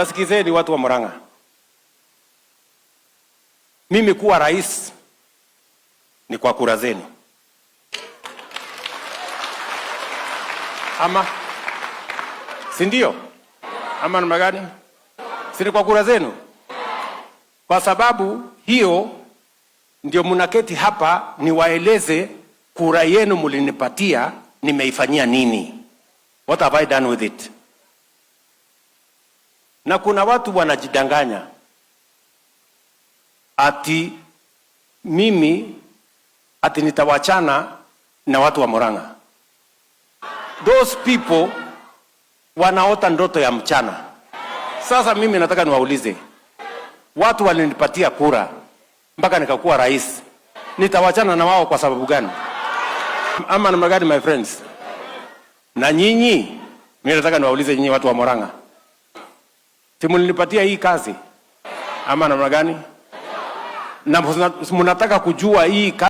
Nasikizeni watu wa Murang'a, mimi kuwa rais ni kwa kura zenu, ama si ndio? Ama namna gani? Si ni kwa kura zenu? Kwa sababu hiyo ndio mnaketi hapa, niwaeleze kura yenu mlinipatia nimeifanyia nini. What have I done with it? Na kuna watu wanajidanganya ati mimi ati nitawachana na watu wa Murang'a. Those people wanaota ndoto ya mchana. Sasa mimi nataka niwaulize, watu walinipatia kura mpaka nikakuwa rais, nitawachana na wao kwa sababu gani? Ama namna gani, my friends? Na nyinyi, mimi nataka niwaulize nyinyi watu wa Murang'a. Simulinipatia hii kazi ama namna gani? Na mnataka kujua hii kazi